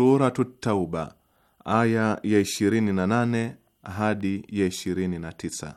Suratut Tauba aya ya nane hadi ya ishirini na tisa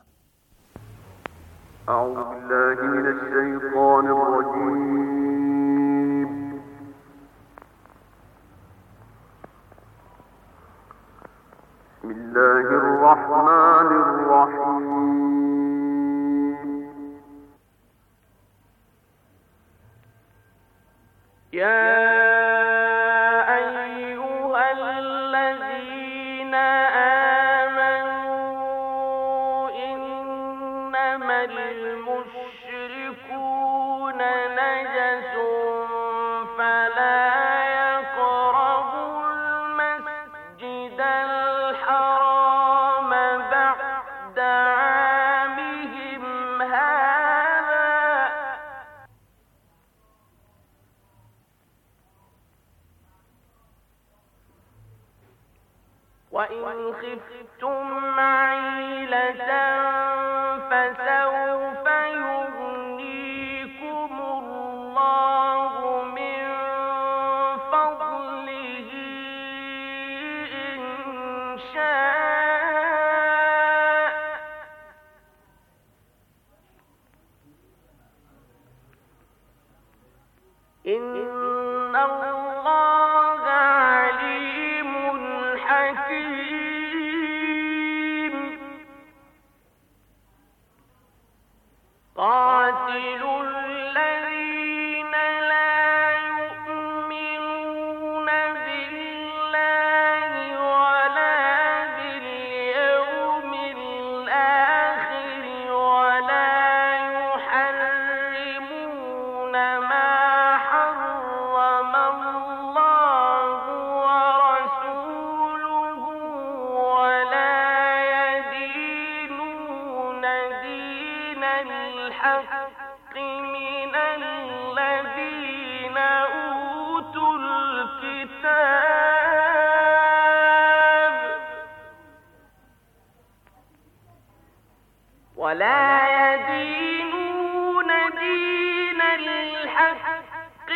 ولا يدينون دين الحق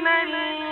من الناس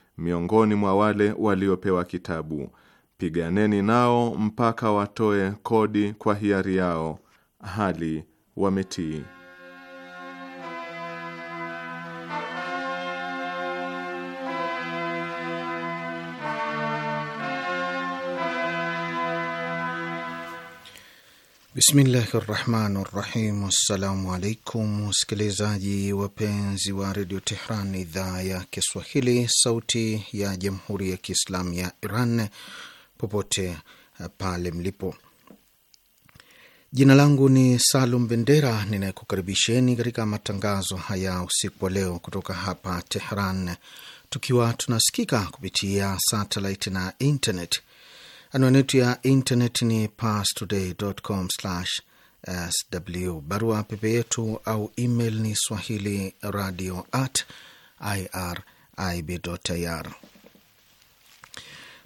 miongoni mwa wale waliopewa kitabu, piganeni nao mpaka watoe kodi kwa hiari yao, hali wametii. Bismillahi rahmani rahim. Assalamu alaikum wasikilizaji wapenzi wa redio Tehran, idhaa ya Kiswahili, sauti ya jamhuri ya kiislamu ya Iran, popote pale mlipo. Jina langu ni Salum Bendera ninayekukaribisheni katika matangazo haya usiku wa leo kutoka hapa Tehran, tukiwa tunasikika kupitia satelit na internet. Anwani yetu ya internet ni pastoday.com/sw. Barua pepe yetu au email ni swahili radio at irib.ir.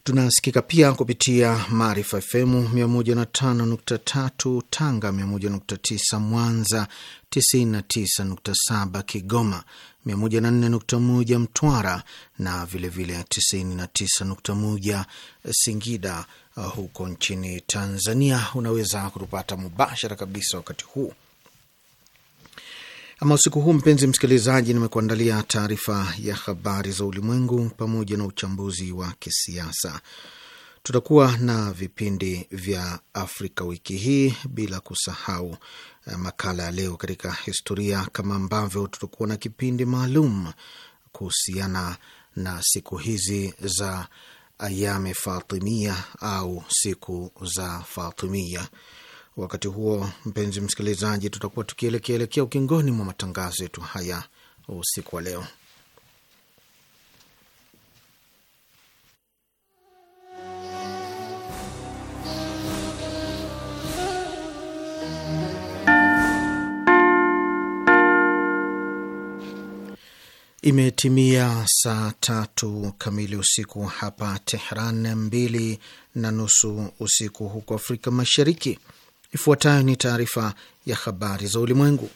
Tunasikika pia kupitia Maarifa FM 105.3 Tanga, 101.9 Mwanza, 99.7 Kigoma, 104.1 Mtwara na vilevile 99.1 Singida. Uh, huko nchini Tanzania unaweza kutupata mubashara kabisa wakati huu ama usiku huu, mpenzi msikilizaji, nimekuandalia taarifa ya habari za ulimwengu pamoja na uchambuzi wa kisiasa. Tutakuwa na vipindi vya Afrika wiki hii, bila kusahau eh, makala ya leo katika historia, kama ambavyo tutakuwa na kipindi maalum kuhusiana na siku hizi za Ayame Fatimia au siku za Fatimia. Wakati huo mpenzi msikilizaji, tutakuwa tukielekeelekea ukingoni mwa matangazo yetu haya usiku wa leo. Imetimia saa tatu kamili usiku hapa Tehran, mbili na nusu usiku huko Afrika Mashariki. Ifuatayo ni taarifa ya habari za ulimwengu,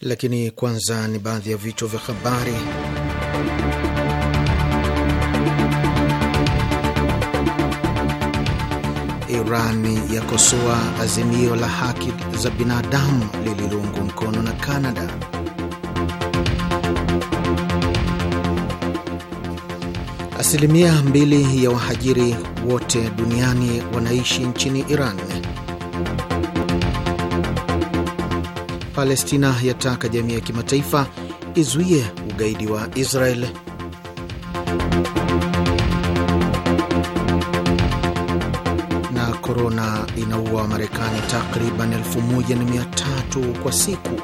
lakini kwanza ni baadhi ya vichwa vya habari. Iran yakosoa azimio la haki za binadamu lililoungwa mkono na Kanada. Asilimia mbili ya wahajiri wote duniani wanaishi nchini Iran. Palestina yataka jamii ya kimataifa izuie ugaidi wa Israel. Na korona inaua Marekani takriban 1300 kwa siku.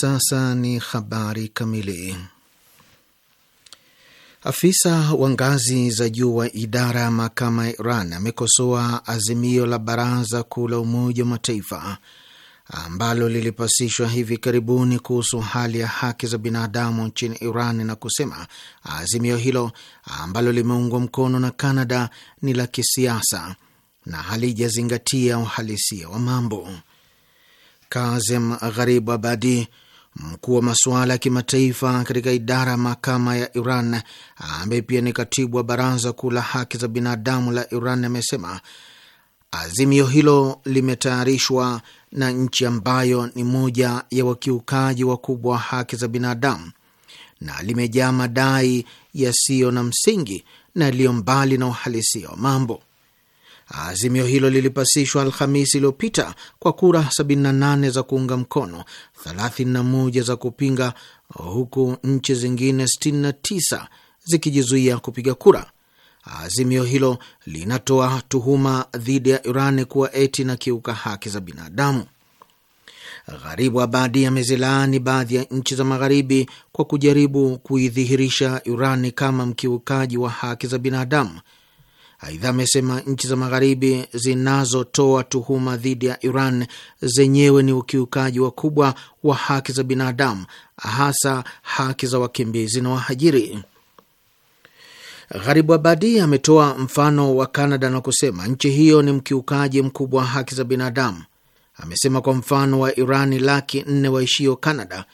sasa ni habari kamili. Afisa wa ngazi za juu wa idara ya mahakama ya Iran amekosoa azimio la Baraza Kuu la Umoja wa Mataifa ambalo lilipasishwa hivi karibuni kuhusu hali ya haki za binadamu nchini Iran na kusema azimio hilo ambalo limeungwa mkono na Kanada ni la kisiasa na halijazingatia uhalisia wa mambo. Kazem Gharibu Abadi, mkuu wa masuala ya kimataifa katika idara ya mahakama ya Iran ambaye pia ni katibu wa baraza kuu la haki za binadamu la Iran amesema azimio hilo limetayarishwa na nchi ambayo ni moja ya wakiukaji wakubwa wa haki za binadamu na limejaa madai yasiyo na msingi na yaliyo mbali na uhalisia wa mambo. Azimio hilo lilipasishwa Alhamisi iliyopita kwa kura 78 za kuunga mkono, 31 za kupinga, huku nchi zingine 69 zikijizuia kupiga kura. Azimio hilo linatoa tuhuma dhidi ya Iran kuwa eti na kiuka haki za binadamu. Gharibu Abadi amezilaani baadhi ya nchi za Magharibi kwa kujaribu kuidhihirisha Iran kama mkiukaji wa haki za binadamu Aidha amesema nchi za magharibi zinazotoa tuhuma dhidi ya Iran zenyewe ni ukiukaji wakubwa wa haki za binadamu, hasa haki za wakimbizi na wahajiri. Gharibu Abadi ametoa mfano wa Kanada na kusema nchi hiyo ni mkiukaji mkubwa wa haki za binadamu. Amesema kwa mfano wa Irani laki nne waishio Kanada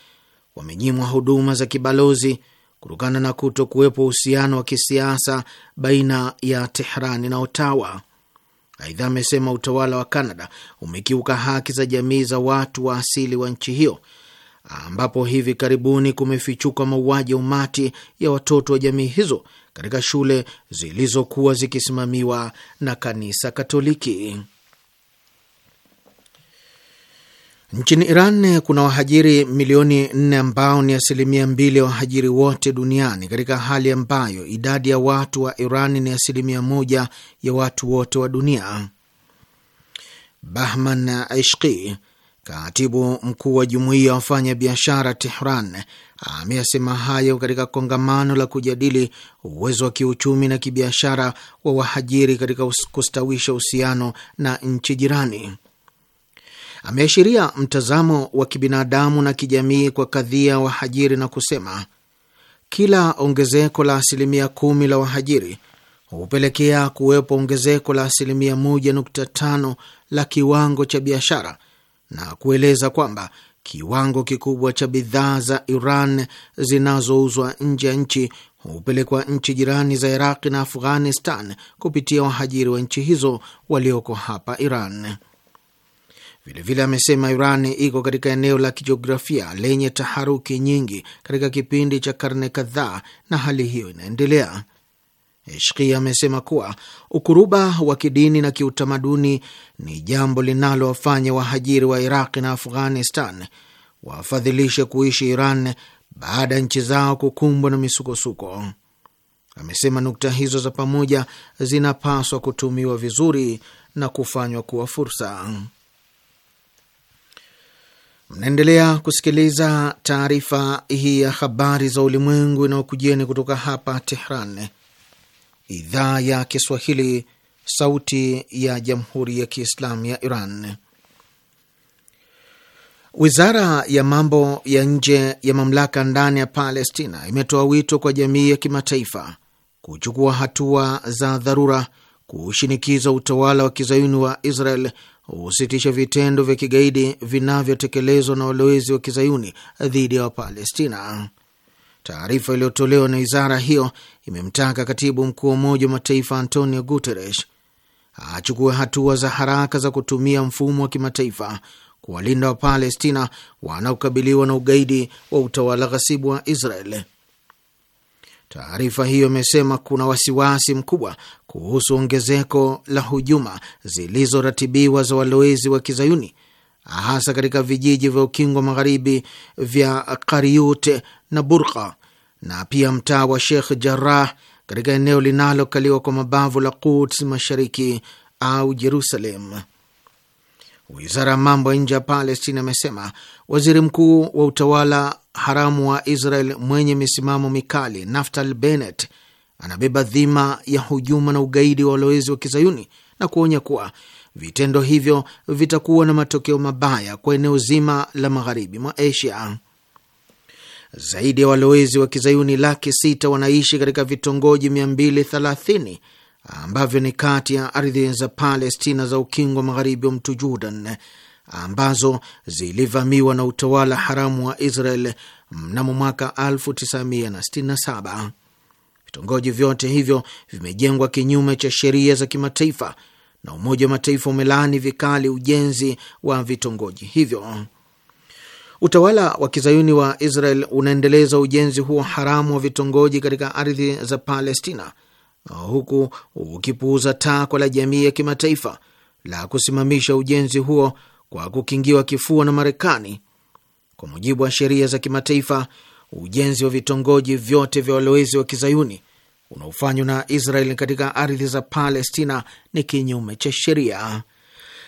wamenyimwa huduma za kibalozi kutokana na kuto kuwepo uhusiano wa kisiasa baina ya Tehrani na Otawa. Aidha, amesema utawala wa Kanada umekiuka haki za jamii za watu wa asili wa nchi hiyo, ambapo hivi karibuni kumefichuka mauaji ya umati ya watoto wa jamii hizo katika shule zilizokuwa zikisimamiwa na kanisa Katoliki. Nchini Iran kuna wahajiri milioni nne ambao ni asilimia mbili ya wahajiri wote duniani katika hali ambayo idadi ya watu wa Iran ni asilimia moja ya watu wote wa dunia. Bahman Ishqi, katibu mkuu wa jumuiya ya wafanya biashara Tehran, ameyasema hayo katika kongamano la kujadili uwezo wa kiuchumi na kibiashara wa wahajiri katika kustawisha uhusiano na nchi jirani ameashiria mtazamo wa kibinadamu na kijamii kwa kadhia wahajiri na kusema kila ongezeko la asilimia kumi la wahajiri hupelekea kuwepo ongezeko la asilimia moja nukta tano la kiwango cha biashara na kueleza kwamba kiwango kikubwa cha bidhaa za Iran zinazouzwa nje ya nchi hupelekwa nchi jirani za Iraqi na Afghanistan kupitia wahajiri wa nchi hizo walioko hapa Iran. Vilevile amesema Iran iko katika eneo la kijiografia lenye taharuki nyingi katika kipindi cha karne kadhaa na hali hiyo inaendelea. Eshki amesema kuwa ukuruba wa kidini na kiutamaduni ni jambo linalowafanya wahajiri wa iraq na Afghanistan wafadhilishe kuishi Iran baada ya nchi zao kukumbwa na misukosuko. Amesema nukta hizo za pamoja zinapaswa kutumiwa vizuri na kufanywa kuwa fursa. Mnaendelea kusikiliza taarifa hii ya habari za ulimwengu inayokujieni kutoka hapa Tehran, idhaa ya Kiswahili, sauti ya jamhuri ya kiislamu ya Iran. Wizara ya mambo ya nje ya mamlaka ndani ya Palestina imetoa wito kwa jamii ya kimataifa kuchukua hatua za dharura kushinikiza utawala wa kizayuni wa Israel husitisha vitendo vya kigaidi vinavyotekelezwa na walowezi wa kizayuni dhidi ya Wapalestina. Taarifa iliyotolewa na wizara hiyo imemtaka katibu mkuu wa Umoja wa Mataifa Antonio Guterres achukue hatua za haraka za kutumia mfumo wa kimataifa kuwalinda Wapalestina wanaokabiliwa na ugaidi wa utawala ghasibu wa Israel. Taarifa hiyo imesema kuna wasiwasi mkubwa kuhusu ongezeko la hujuma zilizoratibiwa za walowezi wa kizayuni hasa katika vijiji vya ukingo magharibi vya Kariut na Burqa na pia mtaa wa Sheikh Jarrah katika eneo linalokaliwa kwa mabavu la Quds mashariki au Jerusalem. Wizara ya mambo ya nje ya Palestina amesema waziri mkuu wa utawala haramu wa Israel mwenye misimamo mikali Naftali Bennett anabeba dhima ya hujuma na ugaidi wa walowezi wa kizayuni na kuonya kuwa vitendo hivyo vitakuwa na matokeo mabaya kwa eneo zima la magharibi mwa Asia. Zaidi ya walowezi wa kizayuni laki sita wanaishi katika vitongoji 230 ambavyo ni kati ya ardhi za Palestina za ukingo magharibi wa mto Jordan ambazo zilivamiwa na utawala haramu wa Israel mnamo mwaka 1967. Vitongoji vyote hivyo vimejengwa kinyume cha sheria za kimataifa na Umoja wa Mataifa umelaani vikali ujenzi wa vitongoji hivyo. Utawala wa kizayuni wa Israel unaendeleza ujenzi huo haramu wa vitongoji katika ardhi za Palestina, huku ukipuuza takwa la jamii ya kimataifa la kusimamisha ujenzi huo kwa kukingiwa kifua na Marekani. Kwa mujibu wa sheria za kimataifa, ujenzi wa vitongoji vyote vya walowezi wa kizayuni unaofanywa na Israel katika ardhi za Palestina ni kinyume cha sheria.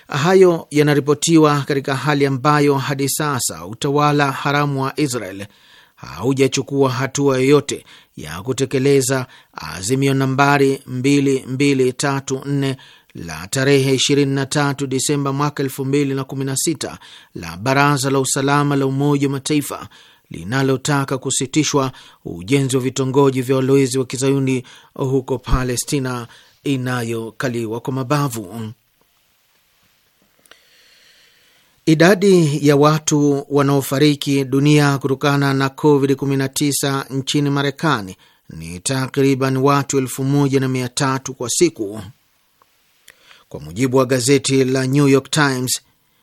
Hayo yanaripotiwa katika hali ambayo hadi sasa utawala haramu wa Israel haujachukua hatua yoyote ya kutekeleza azimio nambari 2234 la tarehe 23 Disemba mwaka 2016 la Baraza la Usalama la Umoja wa Mataifa linalotaka kusitishwa ujenzi wa vitongoji vya walowezi wa kizayuni huko Palestina inayokaliwa kwa mabavu. Idadi ya watu wanaofariki dunia kutokana na COVID-19 nchini Marekani ni takriban watu elfu moja na mia tatu kwa siku. Kwa mujibu wa gazeti la New York Times,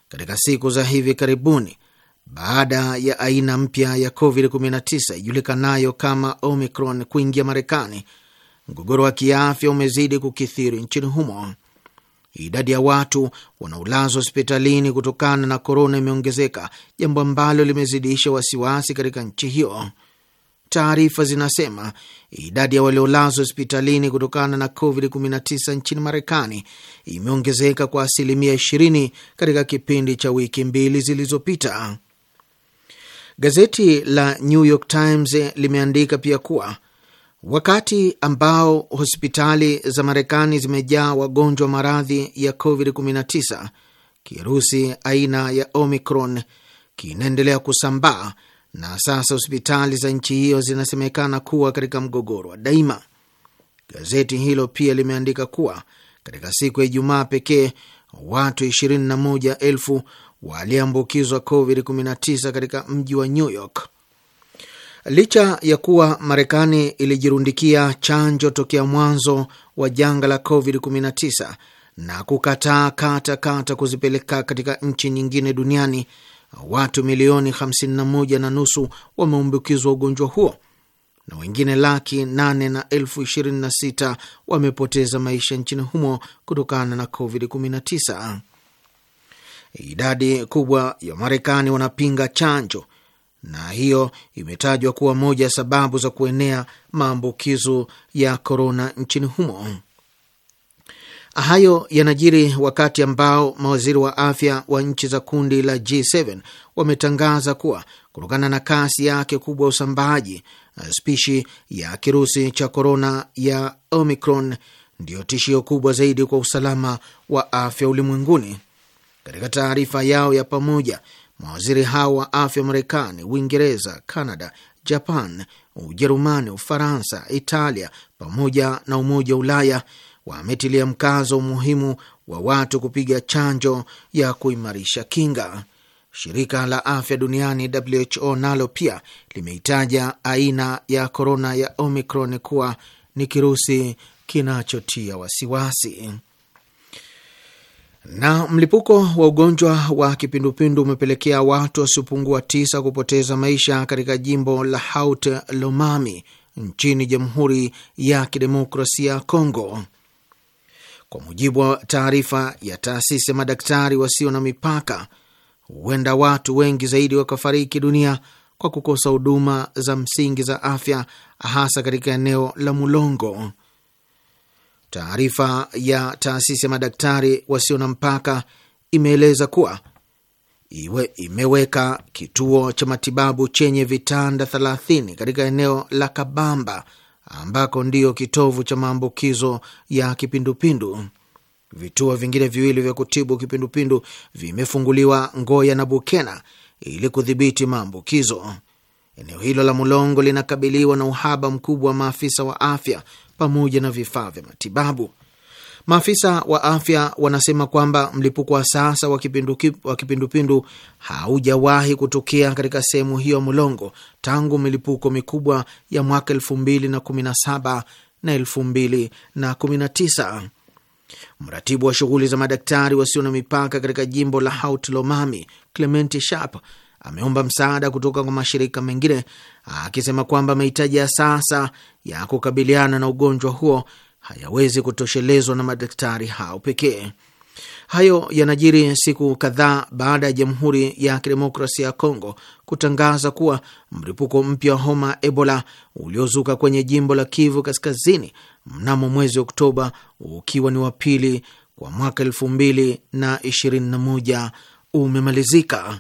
katika siku za hivi karibuni, baada ya aina mpya ya COVID-19 ijulikanayo kama Omicron kuingia Marekani, mgogoro wa kiafya umezidi kukithiri nchini humo. Idadi ya watu wanaolazwa hospitalini kutokana na korona imeongezeka, jambo ambalo limezidisha wasiwasi katika nchi hiyo. Taarifa zinasema idadi ya waliolazwa hospitalini kutokana na COVID-19 nchini Marekani imeongezeka kwa asilimia 20 katika kipindi cha wiki mbili zilizopita. Gazeti la New York Times limeandika pia kuwa wakati ambao hospitali za Marekani zimejaa wagonjwa maradhi ya COVID-19, kirusi aina ya Omicron kinaendelea kusambaa na sasa hospitali za nchi hiyo zinasemekana kuwa katika mgogoro wa daima. Gazeti hilo pia limeandika kuwa katika siku ya Ijumaa pekee watu 21,000 waliambukizwa COVID-19 katika mji wa New York. Licha ya kuwa Marekani ilijirundikia chanjo tokea mwanzo wa janga la COVID-19 na kukataa kata kata kuzipeleka katika nchi nyingine duniani watu milioni 51 na nusu wameambukizwa ugonjwa huo na wengine laki 8 na elfu wamepoteza maisha nchini humo kutokana na COVID-19. Idadi kubwa ya Marekani wanapinga chanjo na hiyo imetajwa kuwa moja ya sababu za kuenea maambukizo ya korona nchini humo. Hayo yanajiri wakati ambao mawaziri wa afya wa nchi za kundi la G7 wametangaza kuwa kutokana na kasi yake kubwa ya usambaaji, eh, spishi ya kirusi cha korona ya Omicron ndiyo tishio kubwa zaidi kwa usalama wa afya ulimwenguni. Katika taarifa yao ya pamoja, mawaziri hao wa afya Marekani, Uingereza, canada Japan, Ujerumani, Ufaransa, Italia pamoja na Umoja wa Ulaya wametilia mkazo umuhimu wa watu kupiga chanjo ya kuimarisha kinga. Shirika la afya duniani WHO nalo pia limeitaja aina ya korona ya Omicron kuwa ni kirusi kinachotia wasiwasi. Na mlipuko wa ugonjwa wa kipindupindu umepelekea watu wasiopungua tisa kupoteza maisha katika jimbo la Haut Lomami nchini Jamhuri ya Kidemokrasia ya Kongo. Kwa mujibu wa taarifa ya taasisi ya madaktari wasio na mipaka, huenda watu wengi zaidi wakafariki dunia kwa kukosa huduma za msingi za afya, hasa katika eneo la Mulongo. Taarifa ya taasisi ya madaktari wasio na mpaka imeeleza kuwa iwe imeweka kituo cha matibabu chenye vitanda 30 katika eneo la Kabamba ambako ndiyo kitovu cha maambukizo ya kipindupindu. Vituo vingine viwili vya kutibu kipindupindu vimefunguliwa Ngoya na Bukena ili kudhibiti maambukizo. Eneo hilo la Mulongo linakabiliwa na uhaba mkubwa wa maafisa wa afya pamoja na vifaa vya matibabu. Maafisa wa afya wanasema kwamba mlipuko wa sasa wa kipindupindu haujawahi kutokea katika sehemu hiyo ya Mulongo tangu milipuko mikubwa ya mwaka elfu mbili na kumi na saba na elfu mbili na kumi na tisa. Mratibu wa shughuli za madaktari wasio na mipaka katika jimbo la Haut-Lomami, Clementi Sharp ameomba msaada kutoka kwa mashirika mengine akisema kwamba mahitaji ya sasa ya kukabiliana na ugonjwa huo hayawezi kutoshelezwa na madaktari hao pekee. Hayo yanajiri siku kadhaa baada ya Jamhuri ya Kidemokrasia ya Kongo kutangaza kuwa mlipuko mpya wa homa Ebola uliozuka kwenye jimbo la Kivu Kaskazini mnamo mwezi Oktoba, ukiwa ni wa pili kwa mwaka elfu mbili na ishirini na moja umemalizika.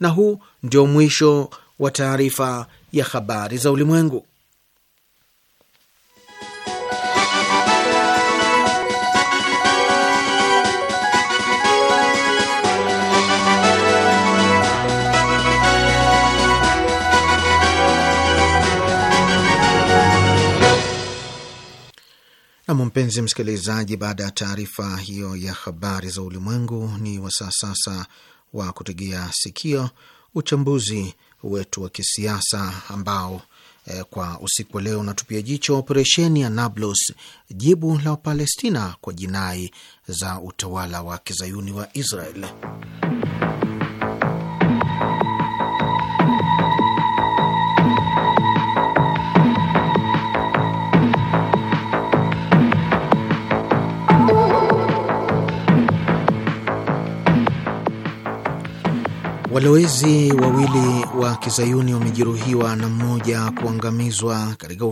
Na huu ndio mwisho wa taarifa ya habari za ulimwengu. Nam, mpenzi msikilizaji, baada ya taarifa hiyo ya habari za ulimwengu, ni wasaa sasa wa kutegea sikio uchambuzi wetu wa kisiasa ambao eh, kwa usiku wa leo unatupia jicho operesheni ya Nablus, jibu la Wapalestina kwa jinai za utawala wa kizayuni wa Israel. Walowezi wawili wa kizayuni wamejeruhiwa na mmoja kuangamizwa katika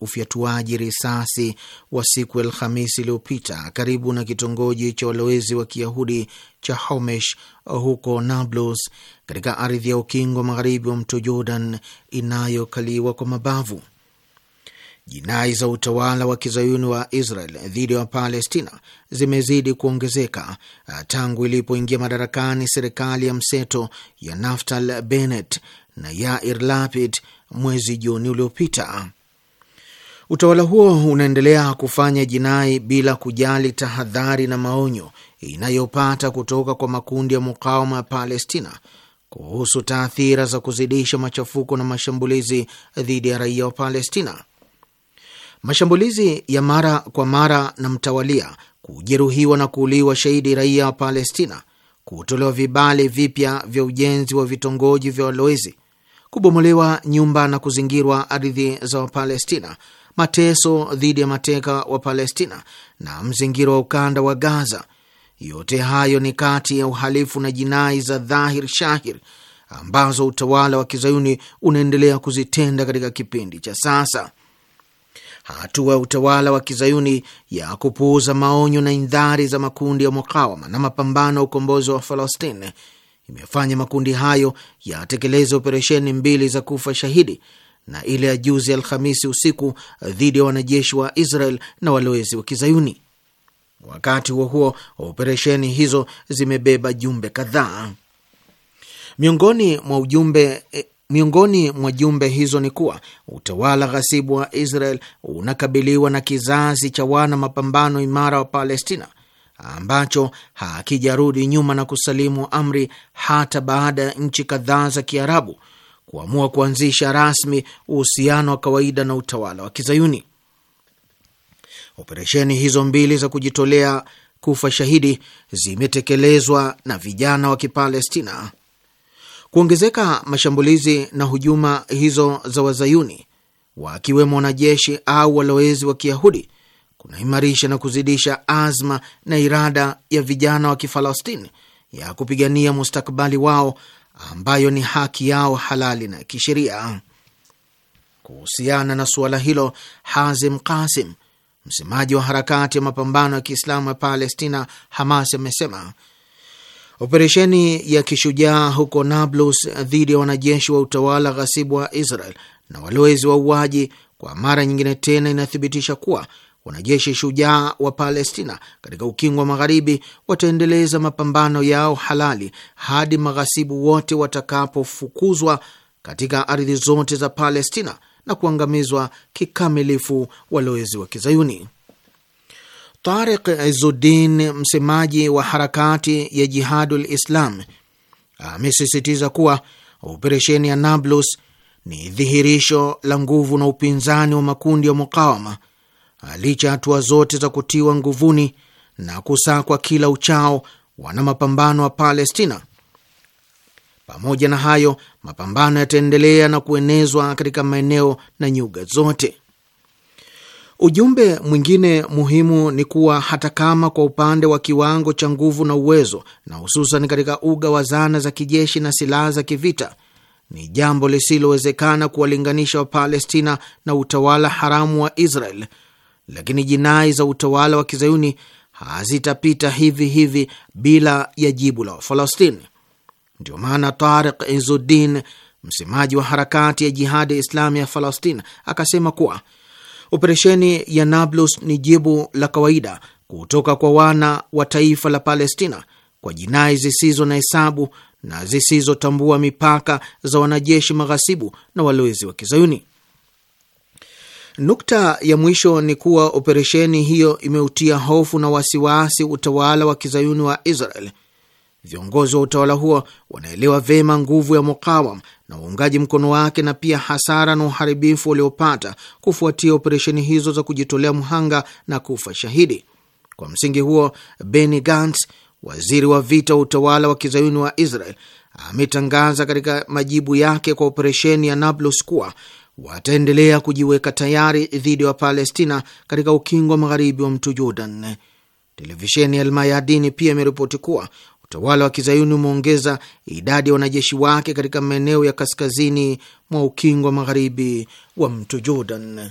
ufyatuaji risasi wa siku ya Alhamisi iliyopita karibu na kitongoji cha walowezi wa kiyahudi cha Homesh huko Nablus katika ardhi ya ukingo magharibi wa mto Jordan inayokaliwa kwa mabavu. Jinai za utawala wa kizayuni wa Israel dhidi ya Wapalestina zimezidi kuongezeka eh, tangu ilipoingia madarakani serikali ya mseto ya Naftali Bennett na Yair Lapid mwezi Juni uliopita. Utawala huo unaendelea kufanya jinai bila kujali tahadhari na maonyo inayopata kutoka kwa makundi ya mukawama ya Palestina kuhusu taathira za kuzidisha machafuko na mashambulizi dhidi ya raia wa Palestina. Mashambulizi ya mara kwa mara na mtawalia, kujeruhiwa na kuuliwa shahidi raia wa Palestina, kutolewa vibali vipya vya ujenzi wa vitongoji vya walowezi, kubomolewa nyumba na kuzingirwa ardhi za Wapalestina, mateso dhidi ya mateka wa Palestina na mzingiro wa ukanda wa Gaza, yote hayo ni kati ya uhalifu na jinai za dhahir shahir ambazo utawala wa kizayuni unaendelea kuzitenda katika kipindi cha sasa hatua ya utawala wa kizayuni ya kupuuza maonyo na indhari za makundi ya mukawama na mapambano ya ukombozi wa Falastini imefanya makundi hayo yatekeleze operesheni mbili za kufa shahidi na ile ya juzi Alhamisi usiku dhidi ya wanajeshi wa Israel na walowezi wa kizayuni. Wakati huo huo, operesheni hizo zimebeba jumbe kadhaa. Miongoni mwa ujumbe eh, Miongoni mwa jumbe hizo ni kuwa utawala ghasibu wa Israel unakabiliwa na kizazi cha wana mapambano imara wa Palestina ambacho hakijarudi nyuma na kusalimu amri hata baada ya nchi kadhaa za Kiarabu kuamua kuanzisha rasmi uhusiano wa kawaida na utawala wa Kizayuni. Operesheni hizo mbili za kujitolea kufa shahidi zimetekelezwa na vijana wa Kipalestina. Kuongezeka mashambulizi na hujuma hizo za Wazayuni, wakiwemo wanajeshi au walowezi wa Kiyahudi, kunaimarisha na kuzidisha azma na irada ya vijana wa Kifalastini ya kupigania mustakabali wao ambayo ni haki yao halali na kisheria. Kuhusiana na suala hilo, Hazim Kasim, msemaji wa harakati ya mapambano ya Kiislamu ya Palestina, Hamas, amesema Operesheni ya kishujaa huko Nablus dhidi ya wanajeshi wa utawala ghasibu wa Israel na walowezi uaji kwa mara nyingine tena inathibitisha kuwa wanajeshi shujaa wa Palestina katika ukingo wa magharibi wataendeleza mapambano yao halali hadi maghasibu wote watakapofukuzwa katika ardhi zote za Palestina na kuangamizwa kikamilifu walowezi wa Kizayuni. Tariq Izuddin, msemaji wa harakati ya Jihadul Islam, amesisitiza kuwa operesheni ya Nablus ni dhihirisho la nguvu na upinzani wa makundi ya mukawama licha ya hatua zote za kutiwa nguvuni na kusakwa kila uchao wana mapambano wa Palestina. Pamoja na hayo, mapambano yataendelea na kuenezwa katika maeneo na nyuga zote. Ujumbe mwingine muhimu ni kuwa hata kama kwa upande wa kiwango cha nguvu na uwezo, na hususan katika uga wa zana za kijeshi na silaha za kivita, ni jambo lisilowezekana kuwalinganisha Wapalestina na utawala haramu wa Israel, lakini jinai za utawala wa kizayuni hazitapita hivi hivi bila ya jibu la Wafalastini. Ndio maana Tariq Izuddin, msemaji wa harakati ya Jihadi ya Islami ya Falastin, akasema kuwa Operesheni ya Nablus ni jibu la kawaida kutoka kwa wana wa taifa la Palestina kwa jinai zisizo na hesabu na zisizotambua mipaka za wanajeshi maghasibu na walowezi wa Kizayuni. Nukta ya mwisho ni kuwa operesheni hiyo imeutia hofu na wasiwasi utawala wa Kizayuni wa Israel. Viongozi wa utawala huo wanaelewa vema nguvu ya mukawam na uungaji mkono wake na pia hasara na uharibifu waliopata kufuatia operesheni hizo za kujitolea mhanga na kufa shahidi. Kwa msingi huo, Benny Gantz, waziri wa vita wa utawala wa kizayuni wa Israel, ametangaza katika majibu yake kwa operesheni ya Nablus kuwa wataendelea kujiweka tayari dhidi ya Wapalestina katika ukingo wa magharibi wa mto Jordan. Televisheni ya Almayadini pia imeripoti kuwa utawala wa kizayuni umeongeza idadi ya wanajeshi wake katika maeneo ya kaskazini mwa ukingo wa magharibi wa mto Jordan.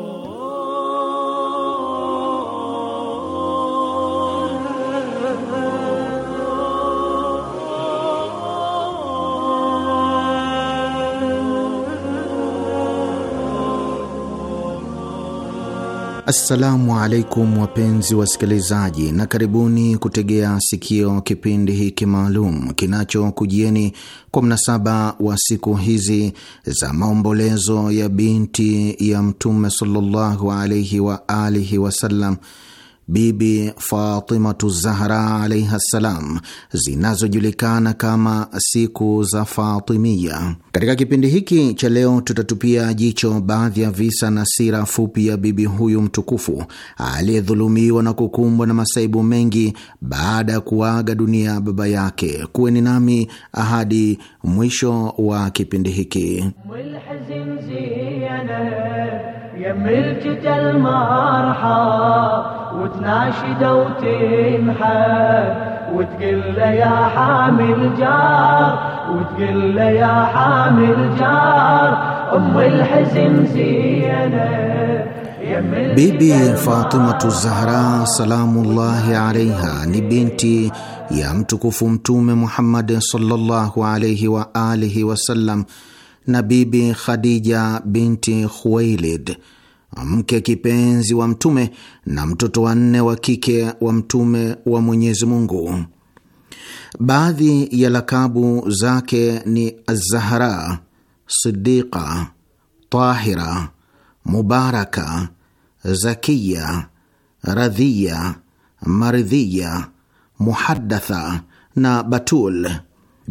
Assalamu alaikum wapenzi wasikilizaji, na karibuni kutegea sikio kipindi hiki maalum kinachokujieni kwa mnasaba wa siku hizi za maombolezo ya binti ya Mtume sallallahu alaihi wa alihi wasallam Bibi Fatimatu Zahra alaihi ssalam zinazojulikana kama siku za Fatimia. Katika kipindi hiki cha leo, tutatupia jicho baadhi ya visa na sira fupi ya bibi huyu mtukufu aliyedhulumiwa na kukumbwa na masaibu mengi baada ya kuaga dunia baba yake. Kuweni nami ahadi mwisho wa kipindi hiki. ناشدة وتنحى وتقل يا حامل جار وتقل يا حامل جار أم الحزن زينب Bibi Fatimatu Zahra salamullahi alaiha ni binti ya mtukufu Mtume Muhammad sallallahu alaihi wa alihi wasallam na Bibi Khadija binti Khuwailid mke kipenzi wa Mtume na mtoto wa nne wa kike wa Mtume wa Mwenyezi Mungu. Baadhi ya lakabu zake ni azahra Sidiqa, Tahira, Mubaraka, Zakiya, Radhiya, Maridhiya, Muhadatha na Batul.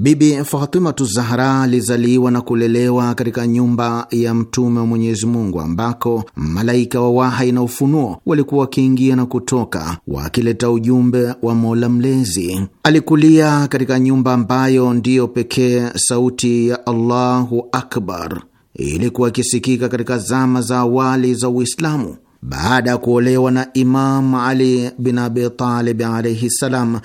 Bibi Fatimatu Zahra alizaliwa na kulelewa katika nyumba ya Mtume wa Mwenyezi Mungu ambako malaika wa wahai na ufunuo walikuwa wakiingia na kutoka wakileta ujumbe wa Mola Mlezi. Alikulia katika nyumba ambayo ndiyo pekee sauti ya Allahu Akbar ilikuwa ikisikika katika zama za awali za Uislamu. Baada ya kuolewa na Imam Ali bin Abi Talib alaihi ssalam,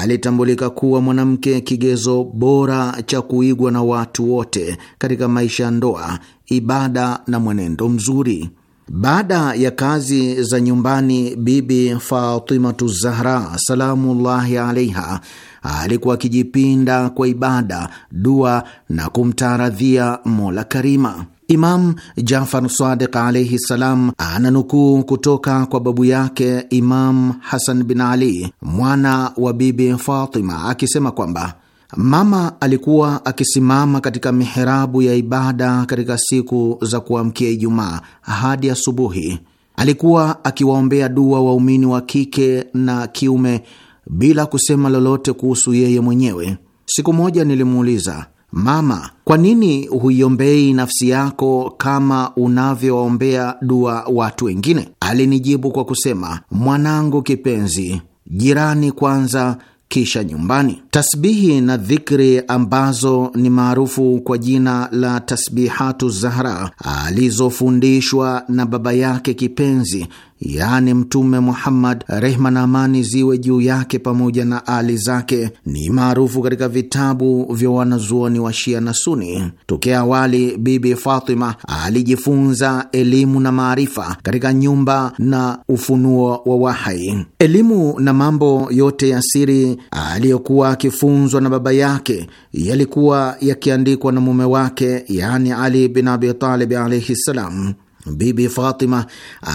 alitambulika kuwa mwanamke kigezo bora cha kuigwa na watu wote katika maisha ya ndoa, ibada na mwenendo mzuri. Baada ya kazi za nyumbani, Bibi Fatimatu Zahra salamullahi alaiha alikuwa akijipinda kwa ibada, dua na kumtaaradhia Mola Karima. Imam Jafar Sadiq alaihi ssalam ananukuu kutoka kwa babu yake Imam Hasan bin Ali mwana wa Bibi Fatima akisema kwamba mama alikuwa akisimama katika miherabu ya ibada katika siku za kuamkia Ijumaa hadi asubuhi. Alikuwa akiwaombea dua waumini wa kike na kiume bila kusema lolote kuhusu yeye mwenyewe. Siku moja nilimuuliza Mama, kwa nini huiombei nafsi yako kama unavyowaombea dua watu wengine? Alinijibu kwa kusema, mwanangu kipenzi, jirani kwanza kisha nyumbani. Tasbihi na dhikri ambazo ni maarufu kwa jina la tasbihatu Zahra alizofundishwa na baba yake kipenzi yaani Mtume Muhammad, rehma na amani ziwe juu yake pamoja na ali zake, ni maarufu katika vitabu vya wanazuoni wa Shia na Suni. Tokea awali, Bibi Fatima alijifunza elimu na maarifa katika nyumba na ufunuo wa wahai. Elimu na mambo yote ya siri aliyokuwa akifunzwa na baba yake yalikuwa yakiandikwa na mume wake, yaani Ali bin Abi Talib alaihi ssalam. Bibi Fatima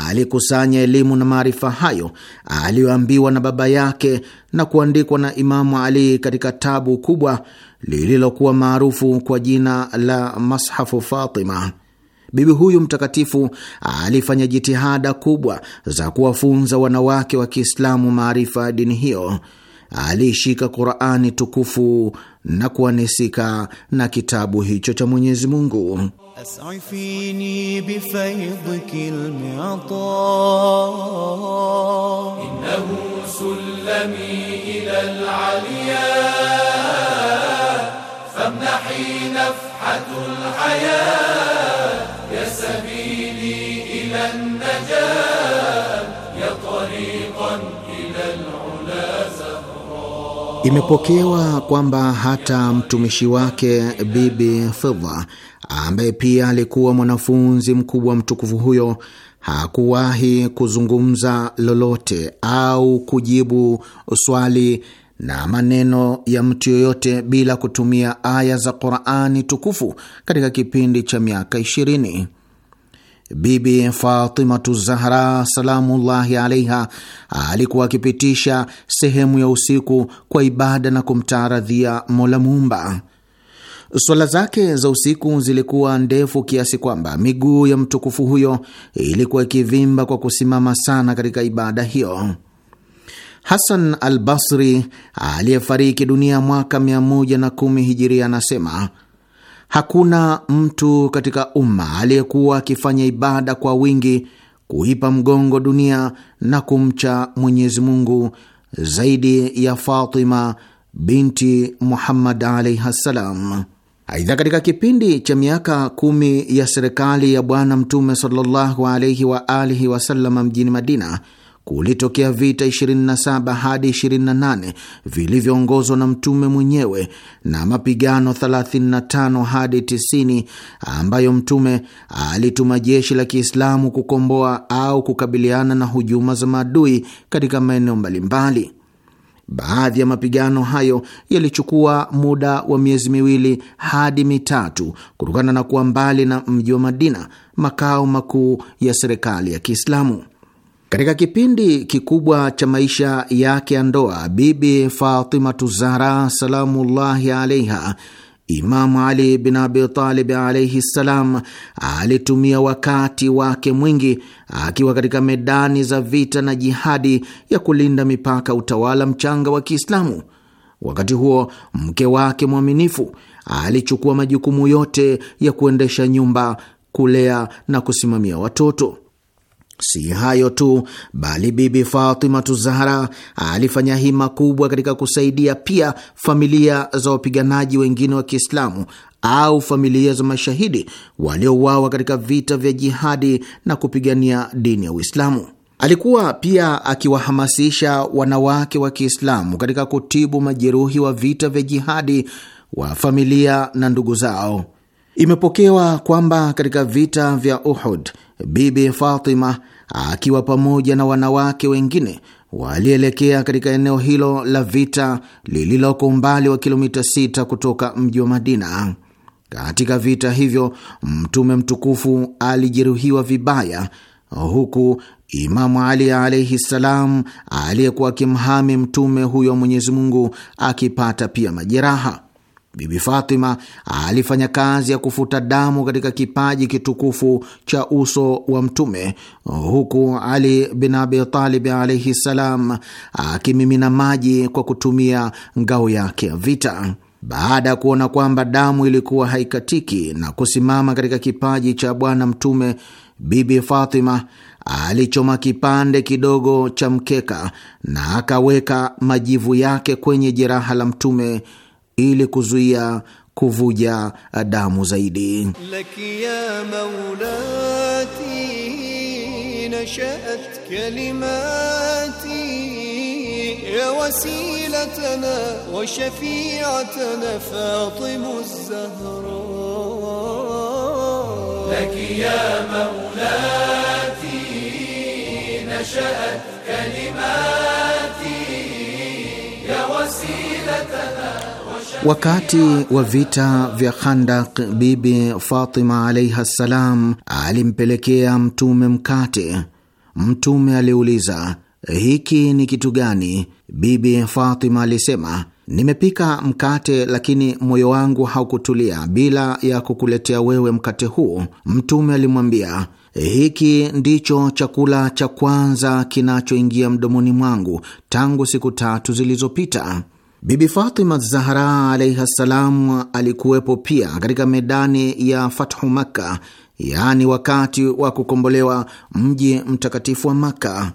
alikusanya elimu na maarifa hayo aliyoambiwa na baba yake na kuandikwa na Imamu Ali katika tabu kubwa lililokuwa maarufu kwa jina la Mashafu Fatima. Bibi huyu mtakatifu alifanya jitihada kubwa za kuwafunza wanawake wa Kiislamu maarifa ya dini hiyo. Aliishika Qurani tukufu na kuanisika na kitabu hicho cha Mwenyezi Mungu. أسعفيني بفيضك المعطاء إنه سلمي إلى العلياء فامنحي نفحة الحياة يا سبيلي إلى النجاة Imepokewa kwamba hata mtumishi wake Bibi Fidha ambaye pia alikuwa mwanafunzi mkubwa mtukufu huyo hakuwahi kuzungumza lolote au kujibu swali na maneno ya mtu yoyote bila kutumia aya za Qurani tukufu katika kipindi cha miaka ishirini. Bibi Fatimatu Zahra salamullahi alaiha alikuwa akipitisha sehemu ya usiku kwa ibada na kumtaaradhia Mola Muumba. Swala zake za usiku zilikuwa ndefu kiasi kwamba miguu ya mtukufu huyo ilikuwa ikivimba kwa kusimama sana katika ibada hiyo. Hasan al Basri aliyefariki dunia mwaka 110 hijiria anasema Hakuna mtu katika umma aliyekuwa akifanya ibada kwa wingi, kuipa mgongo dunia na kumcha Mwenyezi Mungu zaidi ya Fatima binti Muhammad alaihi ssalam. Aidha, katika kipindi cha miaka kumi ya serikali ya Bwana Mtume sallallahu alaihi waalihi wasallam mjini Madina, kulitokea vita 27 hadi 28 vilivyoongozwa na mtume mwenyewe na mapigano 35 hadi 90 ambayo mtume alituma jeshi la Kiislamu kukomboa au kukabiliana na hujuma za maadui katika maeneo mbalimbali. Baadhi ya mapigano hayo yalichukua muda wa miezi miwili hadi mitatu kutokana na kuwa mbali na mji wa Madina, makao makuu ya serikali ya Kiislamu. Katika kipindi kikubwa cha maisha yake ya ndoa, Bibi Fatimatu Zahra salamullahi alaiha, Imamu Ali bin abitalibi alaihi ssalam alitumia wakati wake mwingi akiwa katika medani za vita na jihadi ya kulinda mipaka utawala mchanga wa Kiislamu. Wakati huo mke wake mwaminifu alichukua majukumu yote ya kuendesha nyumba, kulea na kusimamia watoto. Si hayo tu, bali Bibi Fatimatu Zahra alifanya hima kubwa katika kusaidia pia familia za wapiganaji wengine wa Kiislamu au familia za mashahidi waliouawa katika vita vya jihadi na kupigania dini ya Uislamu. Alikuwa pia akiwahamasisha wanawake wa Kiislamu katika kutibu majeruhi wa vita vya jihadi wa familia na ndugu zao. Imepokewa kwamba katika vita vya Uhud, Bibi Fatima akiwa pamoja na wanawake wengine walielekea katika eneo hilo la vita lililoko umbali wa kilomita 6 kutoka mji wa Madina. Katika vita hivyo Mtume mtukufu alijeruhiwa vibaya, huku Imamu Ali alaihi ssalam, aliyekuwa akimhami mtume huyo Mwenyezi Mungu, akipata pia majeraha. Bibi Fatima alifanya kazi ya kufuta damu katika kipaji kitukufu cha uso wa Mtume, huku Ali bin Abi Talib alaihi ssalam akimimina maji kwa kutumia ngao yake ya vita. Baada ya kuona kwamba damu ilikuwa haikatiki na kusimama katika kipaji cha Bwana Mtume, Bibi Fatima alichoma kipande kidogo cha mkeka na akaweka majivu yake kwenye jeraha la Mtume ili kuzuia kuvuja damu zaidi. Laki ya maulati nashaat kalimati ya wasilatana wa shafiatana Fatimu Zahra. Laki ya maulati nashaat kalimati ya wasilatana Wakati wa vita vya Khandak, Bibi Fatima alaiha ssalam alimpelekea Mtume mkate. Mtume aliuliza, hiki ni kitu gani? Bibi Fatima alisema, nimepika mkate, lakini moyo wangu haukutulia bila ya kukuletea wewe mkate huu. Mtume alimwambia, hiki ndicho chakula cha kwanza kinachoingia mdomoni mwangu tangu siku tatu zilizopita. Bibi Fatima Zahra alaihi ssalam alikuwepo pia katika medani ya Fathu Makka, yaani wakati wa kukombolewa mji mtakatifu wa Makka.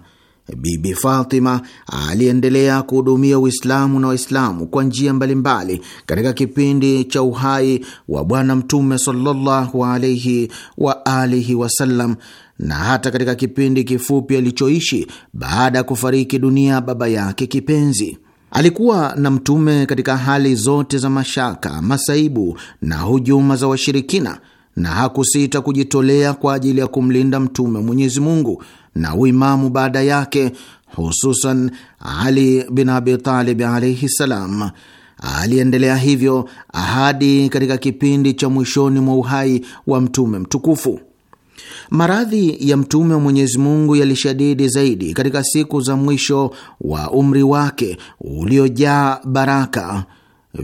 Bibi Fatima aliendelea kuhudumia Uislamu na Waislamu kwa njia mbalimbali katika kipindi cha uhai wa Bwana Mtume sallallahu alaihi wa alihi wasallam na hata katika kipindi kifupi alichoishi baada ya kufariki dunia baba yake kipenzi. Alikuwa na mtume katika hali zote za mashaka, masaibu na hujuma za washirikina, na hakusita kujitolea kwa ajili ya kumlinda mtume mwenyezimungu Mwenyezi Mungu na uimamu baada yake, hususan Ali bin Abi Talib alaihi salam. Aliendelea hivyo ahadi katika kipindi cha mwishoni mwa uhai wa mtume mtukufu. Maradhi ya Mtume wa Mwenyezi Mungu yalishadidi zaidi katika siku za mwisho wa umri wake uliojaa baraka.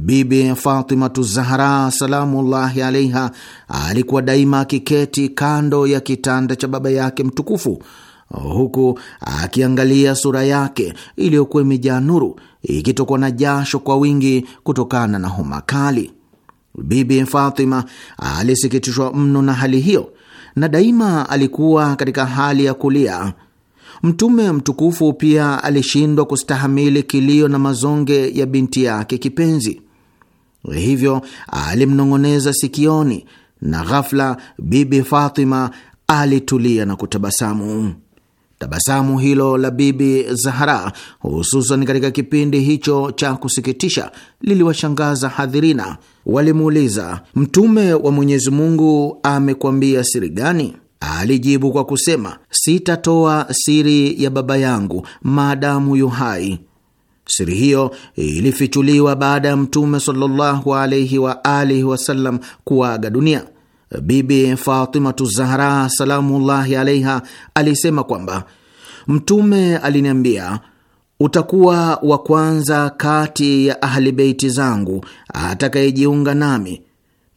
Bibi Fatimatu Zahra salamullahi alaiha alikuwa daima akiketi kando ya kitanda cha baba yake mtukufu huku akiangalia sura yake iliyokuwa imejaa nuru ikitokwa na jasho kwa wingi kutokana na homa kali. Bibi Fatima alisikitishwa mno na hali hiyo na daima alikuwa katika hali ya kulia. Mtume mtukufu pia alishindwa kustahamili kilio na mazonge ya binti yake kipenzi, hivyo alimnong'oneza sikioni, na ghafla Bibi Fatima alitulia na kutabasamu. Tabasamu hilo la Bibi Zahara, hususan katika kipindi hicho cha kusikitisha, liliwashangaza hadhirina. Walimuuliza, Mtume wa Mwenyezi Mungu amekwambia siri gani? Alijibu kwa kusema, sitatoa siri ya baba yangu maadamu yu hai. Siri hiyo ilifichuliwa baada ya Mtume sallallahu alaihi wa alihi wasallam kuaga dunia. Bibi Fatimatu Zahra salamullahi alaiha alisema kwamba Mtume aliniambia, utakuwa wa kwanza kati ya ahli beiti zangu atakayejiunga nami,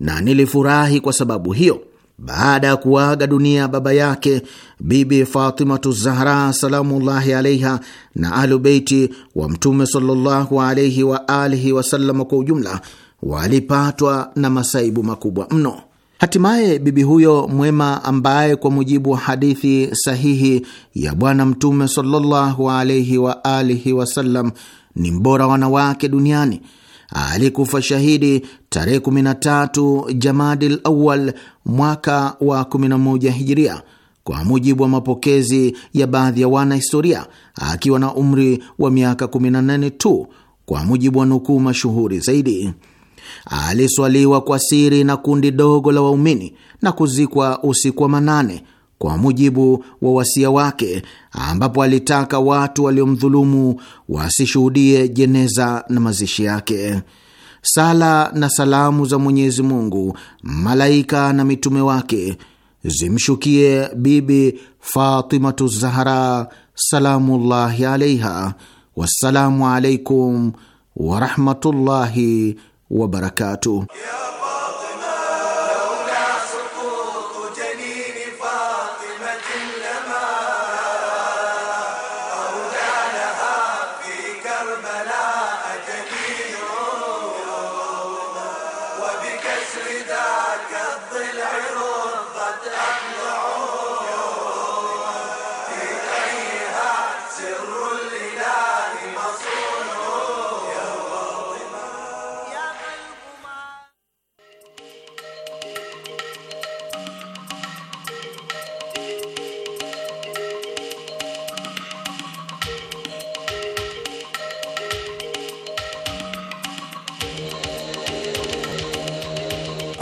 na nilifurahi kwa sababu hiyo. Baada ya kuaga dunia baba yake, Bibi Fatimatu Zahra salamullahi alaiha na ahlu beiti wa Mtume sallallahu alaihi alihi wasallam kwa ujumla walipatwa na masaibu makubwa mno. Hatimaye bibi huyo mwema ambaye kwa mujibu wa hadithi sahihi ya Bwana Mtume sallallahu alaihi wa alihi wasallam ni mbora wanawake duniani alikufa shahidi tarehe 13 Jamadil Awal mwaka wa 11 Hijiria, kwa mujibu wa mapokezi ya baadhi ya wanahistoria, akiwa na umri wa miaka 18 tu, kwa mujibu wa nukuu mashuhuri zaidi aliswaliwa kwa siri na kundi dogo la waumini na kuzikwa usiku wa manane kwa mujibu wa wasia wake, ambapo alitaka watu waliomdhulumu wasishuhudie jeneza na mazishi yake. Sala na salamu za Mwenyezi Mungu, malaika na mitume wake zimshukie Bibi Fatimatu Zahra salamullahi alaiha. Wassalamu alaikum warahmatullahi wabarakatuh.